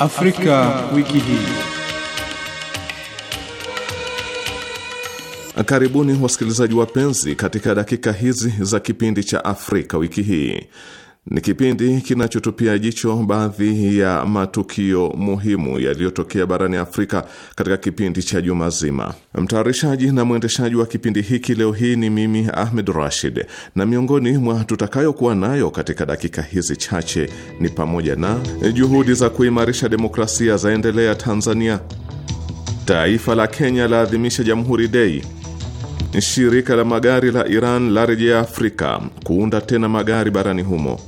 Afrika, wiki hii. Karibuni wasikilizaji wapenzi katika dakika hizi za kipindi cha Afrika wiki hii. Ni kipindi kinachotupia jicho baadhi ya matukio muhimu yaliyotokea barani Afrika katika kipindi cha juma zima. Mtayarishaji na mwendeshaji wa kipindi hiki leo hii ni mimi Ahmed Rashid, na miongoni mwa tutakayokuwa nayo katika dakika hizi chache ni pamoja na juhudi za kuimarisha demokrasia zaendelea Tanzania, taifa la Kenya laadhimisha Jamhuri Dei, shirika la magari la Iran la rejea Afrika kuunda tena magari barani humo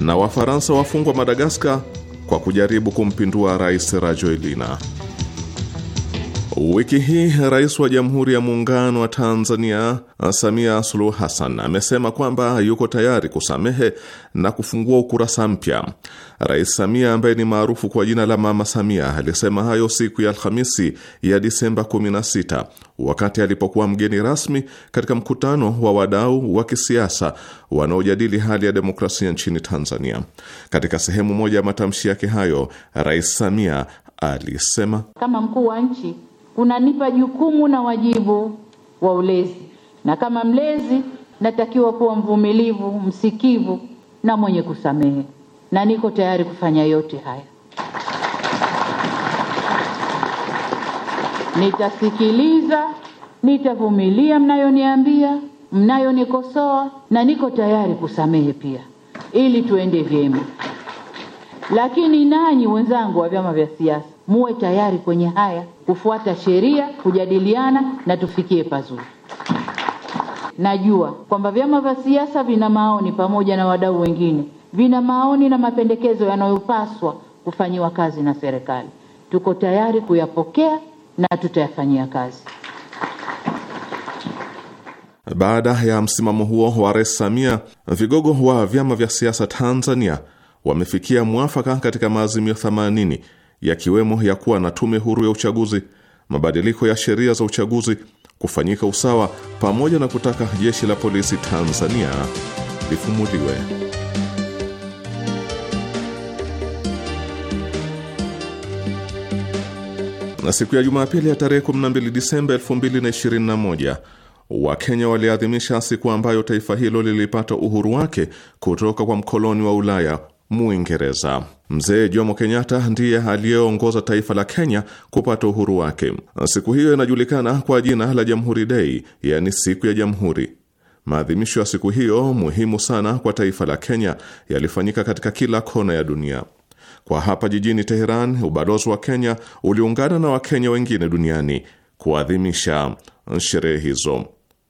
na Wafaransa wafungwa Madagaskar kwa kujaribu kumpindua Rais Rajoelina. Wiki hii Rais wa Jamhuri ya Muungano wa Tanzania Samia Suluhu Hassan amesema kwamba yuko tayari kusamehe na kufungua ukurasa mpya. Rais Samia ambaye ni maarufu kwa jina la Mama Samia alisema hayo siku ya Alhamisi ya Disemba 16 wakati alipokuwa mgeni rasmi katika mkutano wa wadau wa kisiasa wanaojadili hali ya demokrasia nchini Tanzania. Katika sehemu moja ya matamshi yake hayo, Rais Samia alisema kama mkuu wa nchi kunanipa jukumu na wajibu wa ulezi, na kama mlezi natakiwa kuwa mvumilivu, msikivu na mwenye kusamehe, na niko tayari kufanya yote haya. Nitasikiliza, nitavumilia mnayoniambia, mnayonikosoa, na niko tayari kusamehe pia, ili tuende vyema. Lakini nanyi wenzangu wa vyama vya siasa muwe tayari kwenye haya kufuata sheria, kujadiliana na tufikie pazuri. Najua kwamba vyama vya siasa vina maoni pamoja na wadau wengine, vina maoni na mapendekezo yanayopaswa kufanyiwa kazi na serikali. Tuko tayari kuyapokea na tutayafanyia kazi. Baada ya msimamo huo wa Rais Samia, vigogo wa vyama vya siasa Tanzania wamefikia mwafaka katika maazimio yakiwemo ya kuwa na tume huru ya uchaguzi, mabadiliko ya sheria za uchaguzi, kufanyika usawa, pamoja na kutaka jeshi la polisi Tanzania lifumuliwe. Na siku ya Jumapili ya tarehe 12 Disemba 2021 Wakenya waliadhimisha siku ambayo taifa hilo lilipata uhuru wake kutoka kwa mkoloni wa Ulaya Muingereza. Mzee Jomo Kenyatta ndiye aliyeongoza taifa la Kenya kupata uhuru wake. Siku hiyo inajulikana kwa jina la Jamhuri dei yaani siku ya Jamhuri. Maadhimisho ya siku hiyo muhimu sana kwa taifa la Kenya yalifanyika katika kila kona ya dunia. Kwa hapa jijini Teheran, ubalozi wa Kenya uliungana na Wakenya wengine duniani kuadhimisha sherehe hizo.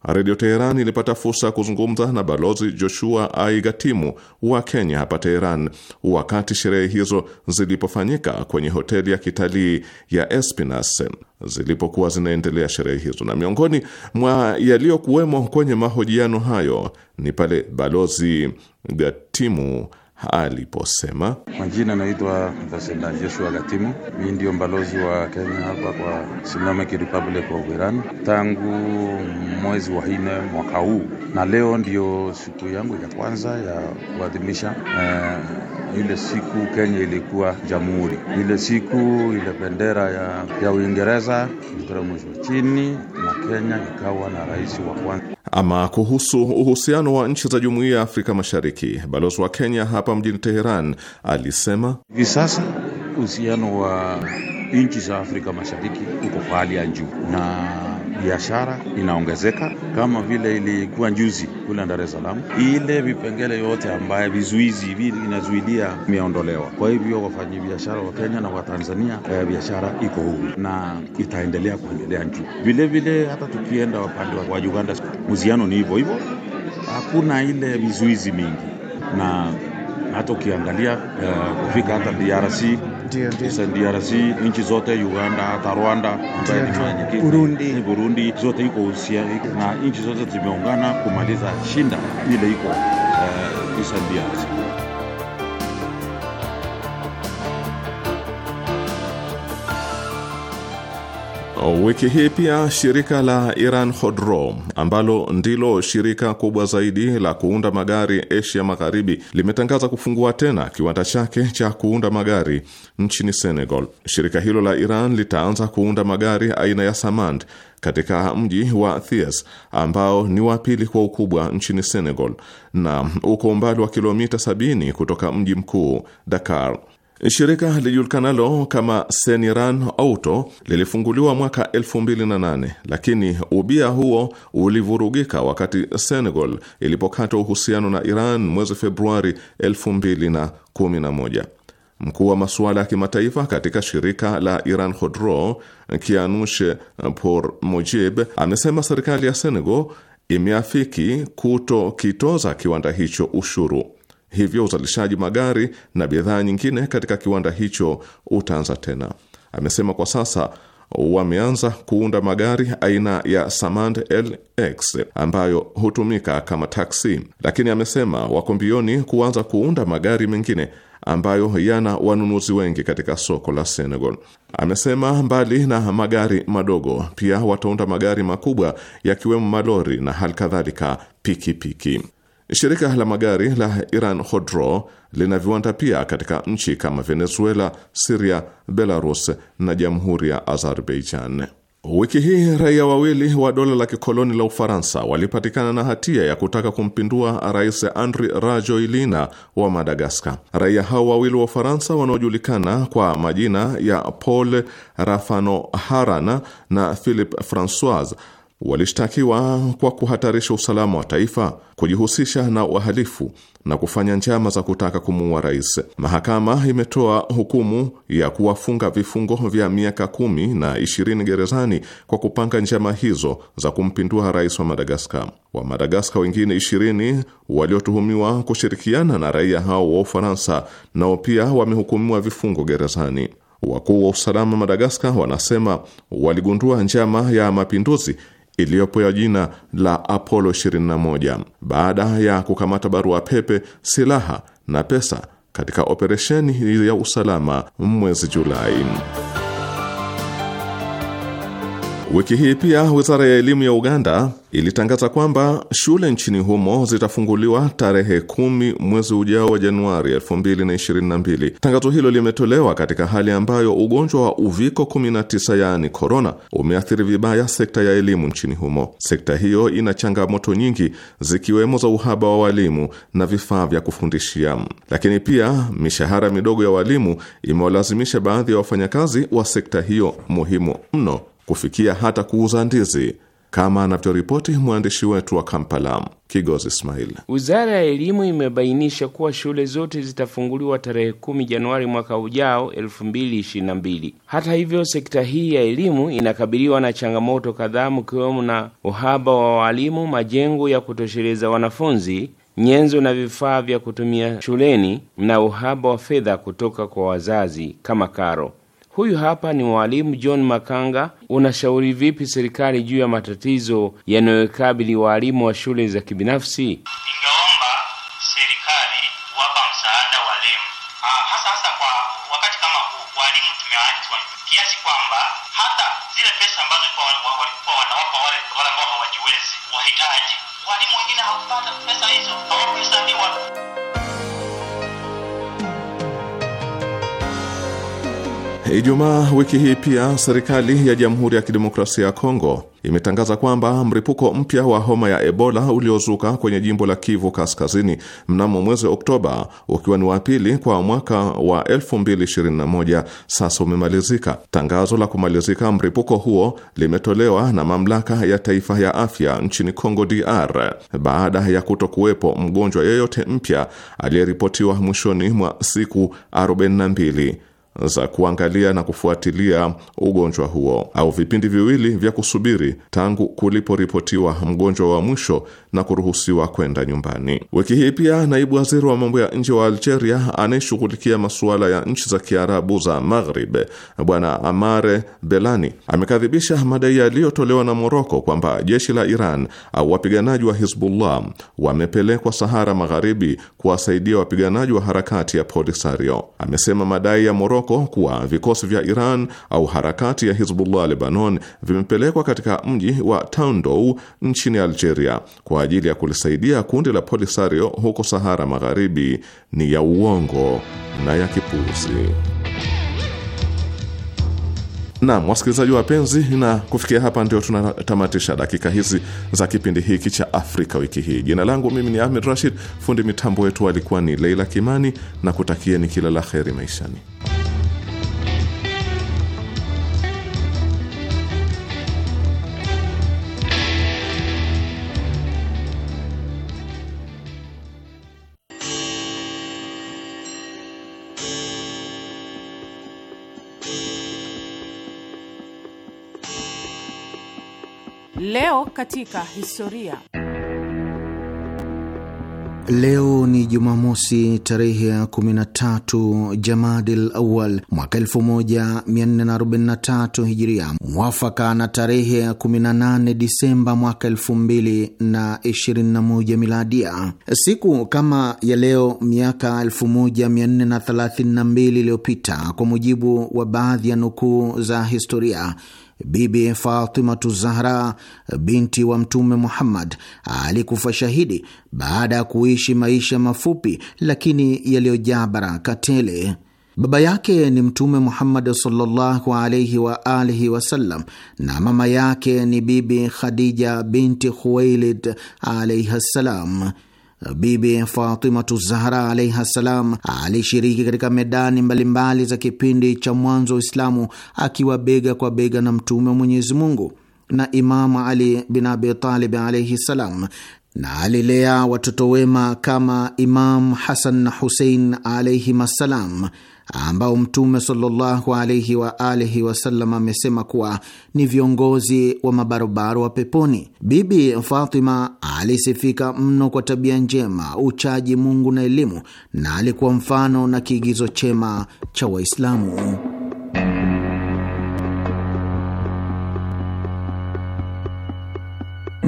Redio Teheran ilipata fursa ya kuzungumza na Balozi Joshua Aigatimu wa Kenya hapa Teheran wakati sherehe hizo zilipofanyika kwenye hoteli ya kitalii ya Espinas zilipokuwa zinaendelea sherehe hizo, na miongoni mwa yaliyokuwemo kwenye mahojiano hayo ni pale Balozi Gatimu aliposema majina, naitwa Vasenda Joshua Gatimu, mimi ndio mbalozi wa Kenya hapa kwa Islamic Republic of Iran tangu mwezi wa nne mwaka huu, na leo ndio siku yangu ya kwanza ya kuadhimisha eh, ile siku Kenya ilikuwa jamhuri. Ile siku ile bendera ya, ya Uingereza iliteremshwa chini na Kenya ikawa na rais wa kwanza ama kuhusu uhusiano wa nchi za jumuiya ya Afrika Mashariki, balozi wa Kenya hapa mjini Teheran alisema hivi sasa uhusiano wa nchi za Afrika Mashariki uko kwa hali ya juu na biashara inaongezeka kama vile ilikuwa juzi kule Dar es Salaam. Ile vipengele yote ambaye vizuizi hivi inazuilia imeondolewa. Kwa hivyo biashara wa Kenya na wa Tanzania eh, biashara iko huru na itaendelea kuendelea juu. Vile vile hata tukienda upande wa Uganda, muziano ni hivyo hivyo, hakuna ile vizuizi mingi, na hata ukiangalia eh, kufika hata DRC ndio, ndio. Sasa DRC nchi zote Uganda, hata Rwanda Burundi, Burundi zote iko usia na nchi zote zimeungana kumaliza shinda ile iko uh, eh, DRC Wiki hii pia shirika la Iran Khodro ambalo ndilo shirika kubwa zaidi la kuunda magari Asia Magharibi limetangaza kufungua tena kiwanda chake cha kuunda magari nchini Senegal. Shirika hilo la Iran litaanza kuunda magari aina ya Samand katika mji wa Thies ambao ni wa pili kwa ukubwa nchini Senegal na uko umbali wa kilomita 70 kutoka mji mkuu Dakar. Shirika lijulikanalo kama Seniran Auto lilifunguliwa mwaka 2008 lakini ubia huo ulivurugika wakati Senegal ilipokata uhusiano na Iran mwezi Februari 2011. Mkuu wa masuala ya kimataifa katika shirika la Iran Khodro, Kianush Por Mujib, amesema serikali ya Senegal imeafiki kutokitoza kiwanda hicho ushuru hivyo uzalishaji magari na bidhaa nyingine katika kiwanda hicho utaanza tena. Amesema kwa sasa wameanza kuunda magari aina ya Samand LX ambayo hutumika kama taksi, lakini amesema wako mbioni kuanza kuunda magari mengine ambayo yana wanunuzi wengi katika soko la Senegal. Amesema mbali na magari madogo, pia wataunda magari makubwa yakiwemo malori na hali kadhalika pikipiki. Shirika la magari la Iran Hodro lina viwanda pia katika nchi kama Venezuela, Siria, Belarus na jamhuri ya Azerbaijan. Wiki hii raia wawili wa dola la kikoloni la Ufaransa walipatikana na hatia ya kutaka kumpindua Rais Andry Rajoelina wa Madagaskar. Raia hao wawili wa Ufaransa wanaojulikana kwa majina ya Paul haran na Philip Francois Walishtakiwa kwa kuhatarisha usalama wa taifa, kujihusisha na uhalifu na kufanya njama za kutaka kumuua rais. Mahakama imetoa hukumu ya kuwafunga vifungo vya miaka kumi na ishirini gerezani kwa kupanga njama hizo za kumpindua rais wa Madagaskar. Wa Madagaskar wengine ishirini waliotuhumiwa kushirikiana na raia hao wa Ufaransa nao pia wamehukumiwa vifungo gerezani. Wakuu wa usalama Madagaskar wanasema waligundua njama ya mapinduzi iliyopewa jina la Apollo 21 baada ya kukamata barua pepe, silaha na pesa katika operesheni ya usalama mwezi Julai. Wiki hii pia wizara ya elimu ya Uganda ilitangaza kwamba shule nchini humo zitafunguliwa tarehe kumi mwezi ujao wa Januari 2022. Tangazo hilo limetolewa katika hali ambayo ugonjwa wa uviko 19, yaani korona, umeathiri vibaya sekta ya elimu nchini humo. Sekta hiyo ina changamoto nyingi, zikiwemo za uhaba wa walimu na vifaa vya kufundishia, lakini pia mishahara midogo ya walimu imewalazimisha baadhi ya wafanyakazi wa sekta hiyo muhimu mno kufikia hata kuuza ndizi kama anavyoripoti mwandishi wetu wa Kampala, Kigozi Ismail. Wizara ya Elimu imebainisha kuwa shule zote zitafunguliwa tarehe 1 Januari mwaka ujao 2022. Hata hivyo, sekta hii ya elimu inakabiliwa na changamoto kadhaa, mkiwemo na uhaba wa walimu, majengo ya kutosheleza wanafunzi, nyenzo na vifaa vya kutumia shuleni, na uhaba wa fedha kutoka kwa wazazi kama karo. Huyu hapa ni mwalimu John Makanga. Unashauri vipi serikali juu ya matatizo yanayokabili walimu wa shule za kibinafsi? Ijumaa wiki hii pia serikali ya Jamhuri ya Kidemokrasia ya Kongo imetangaza kwamba mlipuko mpya wa homa ya Ebola uliozuka kwenye jimbo la Kivu Kaskazini mnamo mwezi Oktoba, ukiwa ni wa pili kwa mwaka wa 2021 sasa umemalizika. Tangazo la kumalizika mlipuko huo limetolewa na mamlaka ya taifa ya afya nchini Kongo DR baada ya kutokuwepo mgonjwa yeyote mpya aliyeripotiwa mwishoni mwa siku 42 za kuangalia na kufuatilia ugonjwa huo au vipindi viwili vya kusubiri tangu kuliporipotiwa mgonjwa wa mwisho na kuruhusiwa kwenda nyumbani. Wiki hii pia naibu waziri wa mambo ya nje wa Algeria anayeshughulikia masuala ya nchi za Kiarabu za Maghrib, Bwana Amare Belani amekadhibisha madai yaliyotolewa na Moroko kwamba jeshi la Iran au wapiganaji wa Hizbullah wamepelekwa Sahara Magharibi kuwasaidia wapiganaji wa harakati ya Polisario. Amesema madai ya Moroko Moroko kuwa vikosi vya Iran au harakati ya Hizbullah Lebanon vimepelekwa katika mji wa tandou nchini Algeria kwa ajili ya kulisaidia kundi la Polisario huko Sahara Magharibi ni ya uongo na ya kipuzi Nam, wasikilizaji wapenzi, na kufikia hapa ndio tunatamatisha dakika hizi za kipindi hiki cha Afrika wiki hii. Jina langu mimi ni Ahmed Rashid, fundi mitambo wetu alikuwa ni Leila Kimani, na kutakieni kila la heri maishani. Leo katika historia. Leo ni Jumamosi, tarehe ya 13 Jamadil Awal mwaka 1443 Hijiria, mwafaka na tarehe ya 18 Disemba mwaka 2021 Miladia. Siku kama ya leo miaka 1432 iliyopita, kwa mujibu wa baadhi ya nukuu za historia Bibi Fatimatu Zahra binti wa Mtume Muhammad alikufa shahidi baada ya kuishi maisha mafupi lakini yaliyojaa baraka tele. Baba yake ni Mtume Muhammad sallallahu alaihi wa alihi wasallam na mama yake ni Bibi Khadija binti Khuwailid alaihi ssalam. Bibi Fatimatu Zahra alaihi ssalam alishiriki katika medani mbalimbali mbali za kipindi cha mwanzo wa Uislamu akiwa bega kwa bega na Mtume wa Mwenyezi Mungu na Imamu Ali bin Talib alaihi ssalam na alilea watoto wema kama Imam Hasan na Husein alaihim assalam ambao Mtume sallallahu alaihi wa alihi wasallam amesema kuwa ni viongozi wa mabarobaro wa peponi. Bibi Fatima alisifika mno kwa tabia njema, uchaji Mungu na elimu, na alikuwa mfano na kiigizo chema cha Waislamu.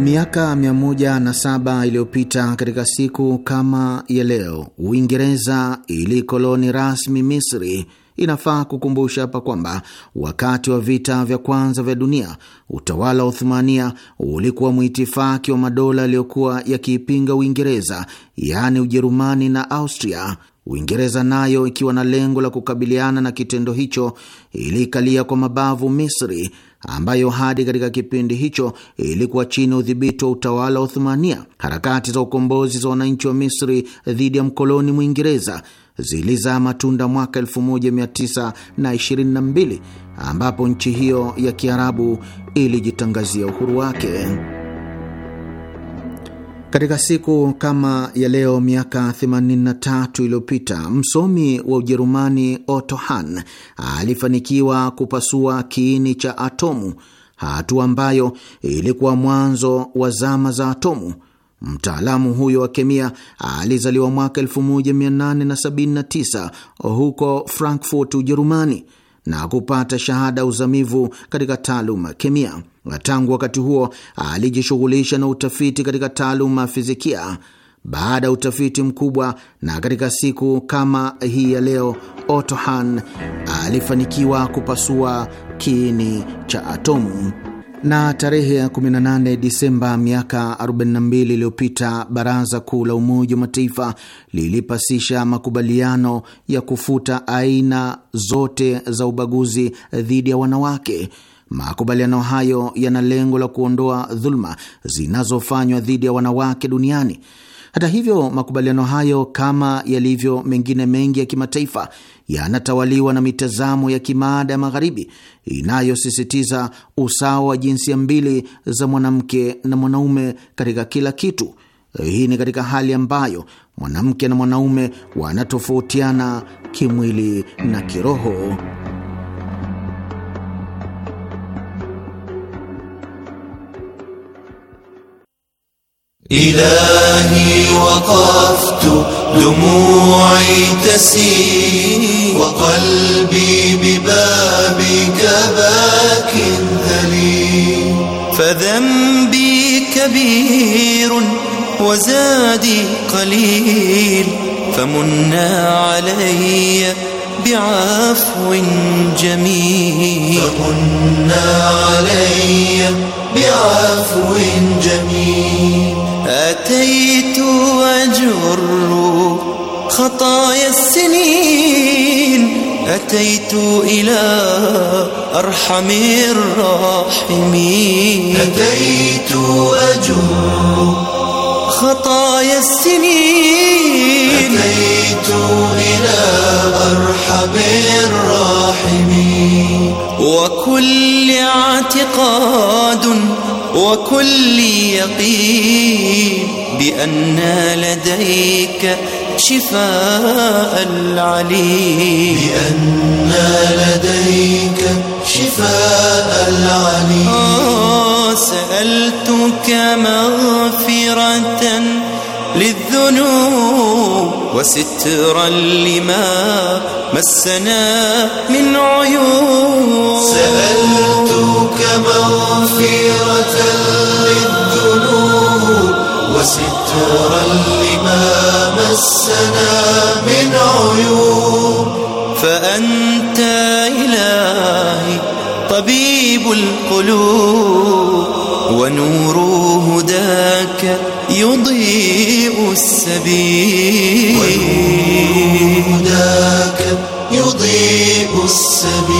Miaka 107 iliyopita katika siku kama ya leo, Uingereza ilikoloni rasmi Misri. Inafaa kukumbusha hapa kwamba wakati wa vita vya kwanza vya dunia utawala wa Uthumania ulikuwa mwitifaki wa madola yaliyokuwa yakiipinga Uingereza, yaani Ujerumani na Austria. Uingereza nayo ikiwa na lengo la kukabiliana na kitendo hicho ilikalia kwa mabavu Misri ambayo hadi katika kipindi hicho ilikuwa chini ya udhibiti wa utawala wa Uthumania. Harakati za ukombozi za wananchi wa Misri dhidi ya mkoloni Mwingereza zilizaa matunda mwaka 1922 ambapo nchi hiyo ya Kiarabu ilijitangazia uhuru wake. Katika siku kama ya leo miaka 83 iliyopita msomi wa Ujerumani Otto Hahn alifanikiwa kupasua kiini cha atomu, hatua ambayo ilikuwa mwanzo wa zama za atomu. Mtaalamu huyo wa kemia alizaliwa mwaka 1879 huko Frankfurt, Ujerumani, na kupata shahada uzamivu katika taaluma kemia na tangu wakati huo alijishughulisha na utafiti katika taaluma ya fizikia. Baada ya utafiti mkubwa na katika siku kama hii ya leo, Otto Hahn alifanikiwa kupasua kiini cha atomu. Na tarehe ya 18 Disemba miaka 42 iliyopita, Baraza Kuu la Umoja wa Mataifa lilipasisha makubaliano ya kufuta aina zote za ubaguzi dhidi ya wanawake Makubaliano hayo yana lengo la kuondoa dhuluma zinazofanywa dhidi ya wanawake duniani. Hata hivyo, makubaliano hayo kama yalivyo mengine mengi ya kimataifa yanatawaliwa na mitazamo ya kimaada ya Magharibi inayosisitiza usawa wa jinsia mbili za mwanamke na mwanaume katika kila kitu. Hii ni katika hali ambayo mwanamke na mwanaume wanatofautiana kimwili na kiroho. إلهي وقفت دموعي تسيل وقلبي ببابك باك ذليل فذنبي كبير وزادي قليل فمنا علي بعفو جميل فمنا علي بعفو جميل أبيت أجر خطايا السنين أتيت إلى أرحم الراحمين أتيت أجر خطايا السنين أتيت إلى أرحم الراحمين وكل اعتقاد وكل يقين بأن لديك شفاء العليم بأن لديك شفاء العليم آه، سألتك مغفرة للذنوب وسترا لما مسنا من عيوب سألتك مغفرة وسترا لما مسنا من عيوب فأنت إلهي طبيب القلوب ونور هداك يضيء السبيل ونور هداك يضيء السبيل